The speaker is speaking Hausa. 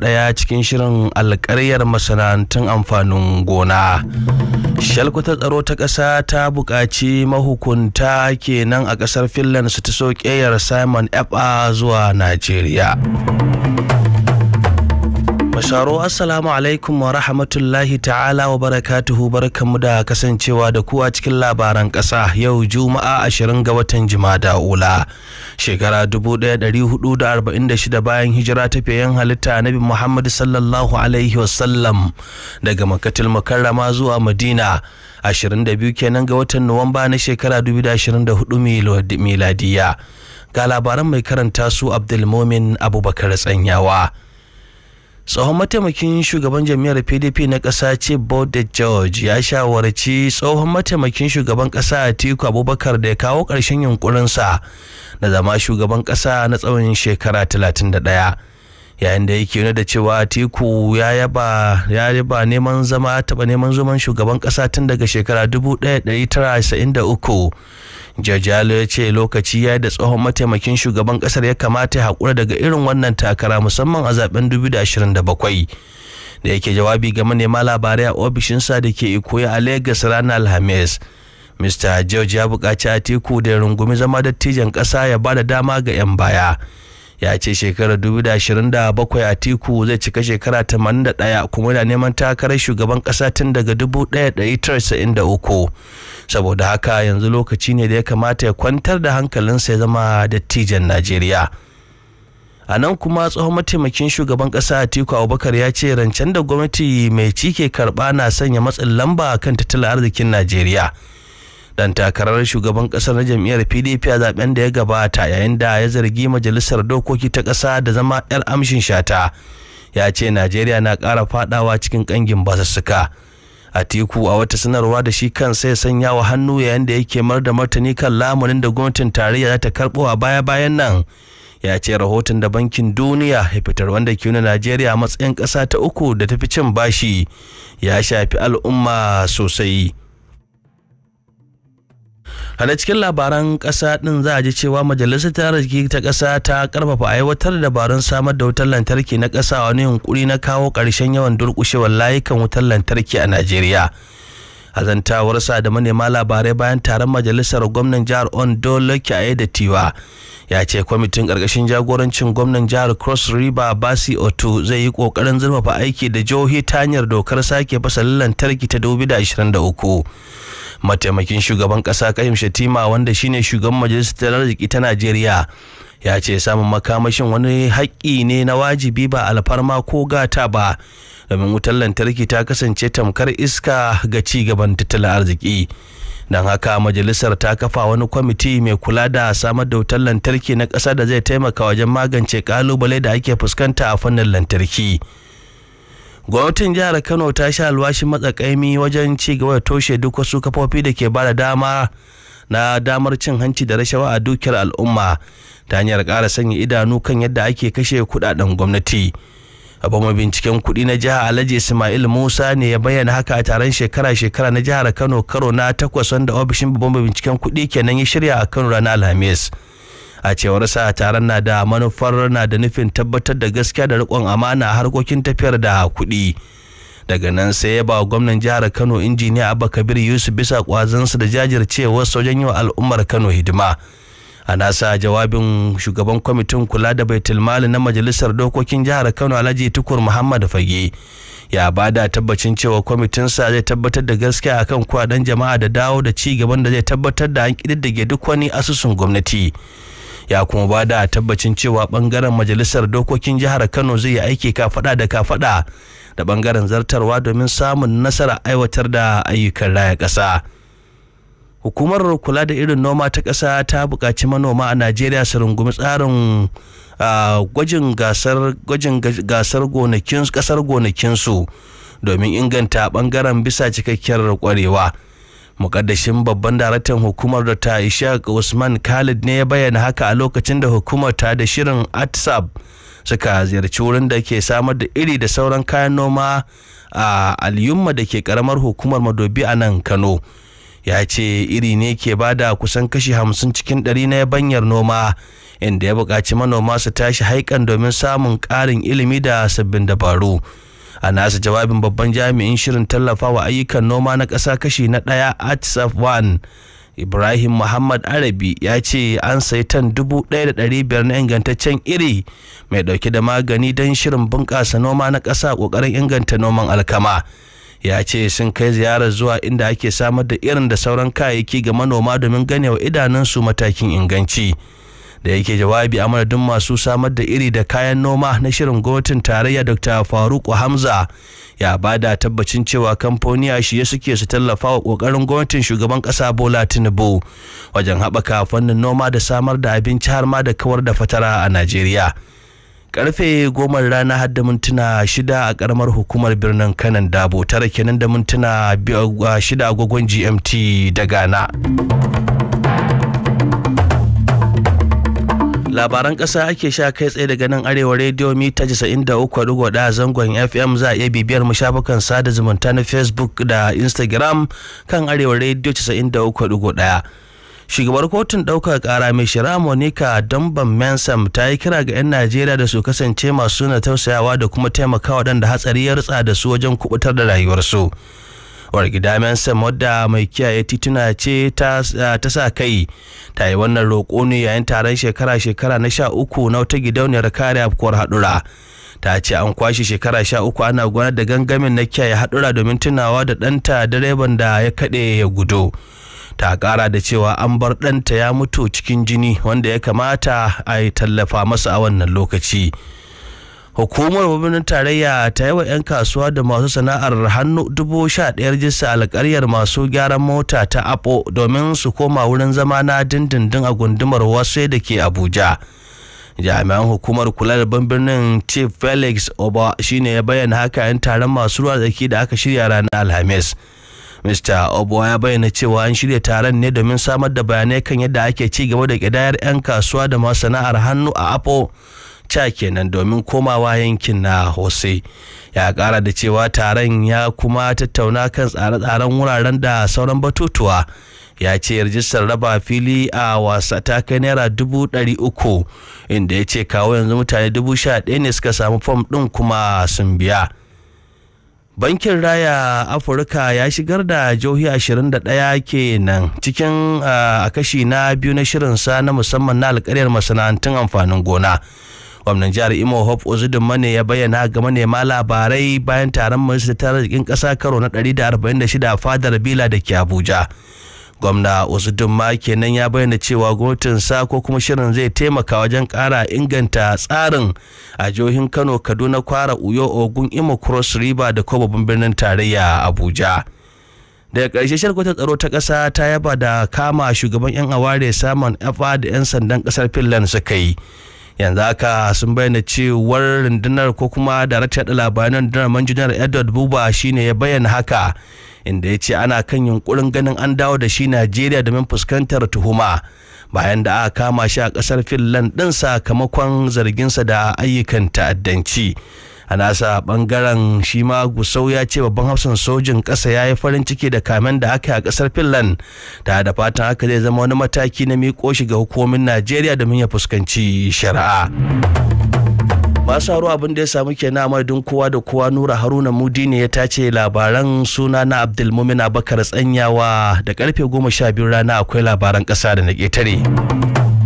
ɗaya cikin shirin alƙaryar masana'antun amfanin gona Shalkwata tsaro ta ƙasa ta buƙaci mahukunta kenan a ƙasar finland su ta soƙeyar simon fa zuwa najeriya Basharo Assalamu alaikum wa rahmatullahi ta'ala wa barakatuhu barkanmu da kasancewa da kuwa cikin labaran ƙasa yau Juma'a 20 ga watan Jumada Ula shekara 1446 bayan hijira ta tafiyan halitta Nabi Muhammad sallallahu alaihi wasallam daga Makkatul Mukarrama zuwa Madina 22 kenan ga watan Nuwamba na shekara 2024 miladiya ga labaran mai karanta su Abdul Mumin Abubakar Tsanyawa tsohon mataimakin shugaban jami'ar pdp na ƙasa ce bode george ya shawarci tsohon mataimakin shugaban ƙasa atiku abubakar da ya kawo ƙarshen yunkurinsa na zama shugaban ƙasa na tsawon shekara 31 yayin da yake yana da cewa atiku ya yaba ya yaba neman zama taba neman zuman shugaban kasa tun daga shekara 1993 jajalo ya ce lokaci ya da tsohon mataimakin shugaban kasar ya kamata ya haƙura daga irin wannan takara musamman a zaɓen 2027 da yake jawabi ga manema labarai a ofishinsa da ke ikoya a lagos ranar alhamis mr george ya buƙaci atiku da rungumi zama dattijan ƙasa ya ba da dama ga 'yan baya ya ce shekarar a Tiku zai cika shekara 81 kuma yana neman takarar shugaban kasa tun daga 1993 saboda haka yanzu lokaci ne da ya kamata ya kwantar da hankalinsa ya zama dattijan najeriya a nan kuma tsohon mataimakin shugaban ƙasa a Tiku abubakar ya ce rancen da gwamnati mai cike karɓa na sanya matsin lamba kan tattalin arzikin najeriya dan takarar shugaban kasar na jam'iyyar pdp a zaben da ya gabata yayin da ya zargi majalisar dokoki ta ƙasa da zama 'yar amshin shata ya ce najeriya na ƙara fadawa cikin ƙangin basussuka atiku a wata sanarwa da shi kan ya sanya wa hannu yayin da yake mar da martani kan lamunin da gwamnatin tarayya za ta karɓo a baya-bayan nan ya ce rahoton da bankin duniya ya fitar wanda ke nuna najeriya matsayin ƙasa ta uku da tafi cin bashi ya shafi al'umma sosai a cikin labaran ƙasa din za a ji cewa majalisar tarihi ta ƙasa ta ƙarfafa aiwatar da dabarun samar da wutar lantarki na ƙasa wani yunkuri na kawo ƙarshen yawan durƙushewar layukan wutar lantarki a najeriya azantawarsa da manema labarai bayan taron majalisar gwamnan jihar ondo lokiaye da tiwa ya ce kwamitin ƙarƙashin jagorancin gwamnan jihar cross river basi otu zai yi ƙoƙarin zurfafa aiki da jihohi ta hanyar dokar sake fasalin lantarki ta 2023 mataimakin shugaban ƙasa kayim shatima wanda shine shugaban majalisar tattalin arziki ta najeriya ya ce samun makamashin wani haƙƙi ne na wajibi ba alfarma ko gata ba domin wutar lantarki ta kasance tamkar iska ga ci gaban tattalin arziki don haka majalisar ta kafa wani kwamiti mai kula da samar da wutar lantarki na ƙasa da zai taimaka wajen magance kalubale da ake fuskanta a fannin lantarki gwamnatin jihar kano ta sha alwashin matsakaimi wajen ci gaba da toshe duk wasu kafofi da ke ba da dama na damar cin hanci da rashawa a dukiyar al'umma ta hanyar ƙara sanya idanu kan yadda ake kashe kuɗaɗen gwamnati. Babban binciken kuɗi na jihar Alhaji Ismail Musa ne ya bayyana haka a taron shekara-shekara na jihar Kano karo na takwas wanda ofishin babban binciken kuɗi kenan ya shirya a Kano ranar Alhamis. a cewar sa taron na da manufar na da nufin tabbatar da gaskiya da rikon amana a harkokin tafiyar da kuɗi daga nan sai ya ba gwamnan jihar kano injiniya abba kabir yusuf bisa kwazansu da jajircewar sojan yi wa al'ummar kano hidima a nasa jawabin shugaban kwamitin kula da Bai tilmali na majalisar dokokin jihar kano alhaji tukur muhammad fage ya ba da tabbacin cewa kwamitinsa zai tabbatar da gaskiya akan kwadan jama'a da dawo da ci gaban da zai tabbatar da an kididdige duk wani asusun gwamnati ya kuma ba da tabbacin cewa bangaren majalisar dokokin jihar kano zai yi aiki kafada da kafada da bangaren zartarwa domin samun nasara aiwatar da ayyukan raya ƙasa. hukumar kula da irin noma ta ƙasa ta buƙaci manoma a najeriya su rungumi tsarin gwajin gasar gwajin gasar gonakinsu domin inganta ɓangaren bisa cikakkiyar ƙwarewa mukaddashin babban daraktan hukumar da ta ishaq usman khalid ne ya bayyana haka a lokacin da hukumar ta da shirin atsab suka ziyarci wurin da ke samar da iri da sauran kayan noma a al'yumma da ke karamar hukumar madobi a nan kano ya ce iri ne ke bada kusan kashi hamsin cikin ɗari na banyar noma inda ya buƙaci manoma su tashi haikan domin samun ƙarin ilimi da sabbin dabaru a nasa jawabin babban jami'in shirin tallafawa ayyukan noma na ƙasa kashi na ɗaya artsaf 1 ibrahim muhammad arabi ya ce an sayi tan 1,500 na ingantaccen iri mai ɗauke da magani don shirin bunƙasa noma na ƙasa ƙoƙarin inganta noman alkama ya ce sun kai ziyarar zuwa inda ake samar da irin da sauran kayayyaki ga manoma domin gane ganewa su matakin inganci da yake jawabi a madadin masu samar da iri da kayan noma na shirin gwamnatin tarayya dr faruk hamza ya bada tabbacin cewa kamfaniya shi ya suke su tallafa wa kokarin gwamnatin shugaban kasa bola tinubu wajen haɓaka fannin noma da samar da abinci har ma da kawar da fatara a najeriya karfe goma rana har da mintuna shida a karamar hukumar birnin kanan dabo tara kenan da mintuna shida agogon gmt da ghana labaran ƙasa ake sha kai tsaye daga nan arewa rediyo mita 93.1 zangon fm za a iya bibiyar mu shafukan sada zumunta na facebook da instagram kan arewa rediyo 93.1 shugabar kotun ɗaukar ƙara mai shari'a monica damban mensam ta yi kira ga 'yan najeriya da su kasance masu na tausayawa da kuma taimakawa waɗanda hatsari ya rutsa da su wajen kubutar da rayuwarsu wargida mensam wadda mai kiyaye tituna ce ta sa kai ta yi wannan roƙo ne yayin taron shekara-shekara na sha uku na wata gidauniyar kare afkuwar haɗura ta ce an kwashe shekara sha uku ana gwana da gangamin na kiyaye haɗura domin tunawa da ɗanta direban da ya kaɗe ya gudu ta kara da cewa an bar ɗanta ya mutu cikin jini wanda ya kamata a tallafa masa a wannan lokaci hukumar birnin tarayya ta yi wa 'yan kasuwa da masu sana'ar hannu dubu sha ɗayar rajista alƙaryar masu gyaran mota ta apo domin su koma wurin zama na dindindin a gundumar wasu da ke abuja jami'an hukumar kula da birnin chief felix oba shine ya bayyana haka 'yan taron masu ruwa tsaki da aka shirya ranar alhamis Mr. Obo ya bayyana cewa an shirya taron ne domin samar da bayanai kan yadda ake ci gaba da kidayar 'yan kasuwa da masana'ar hannu a Apo ca kenan domin komawa yankin na Hose. Ya kara da cewa taron ya kuma tattauna kan tsare-tsaren wuraren da sauran batutuwa. ya ce rajistar raba fili a wasa ta kai naira dubu ɗari uku inda ya ce kawo yanzu mutane dubu sha ɗaya ne suka samu fom ɗin kuma sun biya. bankin raya afirka ya shigar da jihohi 21 kenan cikin a kashi na biyu na shirinsa na musamman na alkaryar masana'antun amfanin gona gwamnan jihar imo hope ozudin ne ya bayyana ga manema labarai bayan taron majalisar tattalin arzikin ƙasa karo na 146 fadar bila da ke abuja gwamna usudin ma kenan ya bayyana cewa gwamnatinsa ko kuma shirin zai taimaka wajen kara inganta tsarin a jihohin kano kaduna kwara uyo ogun imo cross river da kuma babban birnin tarayya abuja daga ƙarshe shirkwatar tsaro ta ƙasa ta yaba da kama shugaban 'yan aware saman efa da 'yan sandan ƙasar finland suka yi yanzu haka sun bayyana cewar rundunar ko kuma da daraktar labaran rundunar manjunar edward buba shine ya bayyana haka inda ya ce ana kan yunkurin ganin an dawo da shi Najeriya domin fuskantar tuhuma bayan da aka kama shi a ƙasar Finland ɗin sakamakon zarginsa da ayyukan ta'addanci. a nasa bangaren shi ma gusau ya ce babban hafsan sojin ƙasa ya yi farin ciki da kamen da aka yi a ƙasar finland ta da fatan haka zai zama wani mataki na miƙo shi ga hukumomin najeriya domin ya fuskanci shari'a. masu ruwa abin da ya samu kenan amma madadin kowa da kowa nura haruna mudi ne ya tace labaran suna na abdulmumin abakar tsanyawa da karfe goma sha biyu rana akwai labaran ƙasa da na ƙetare.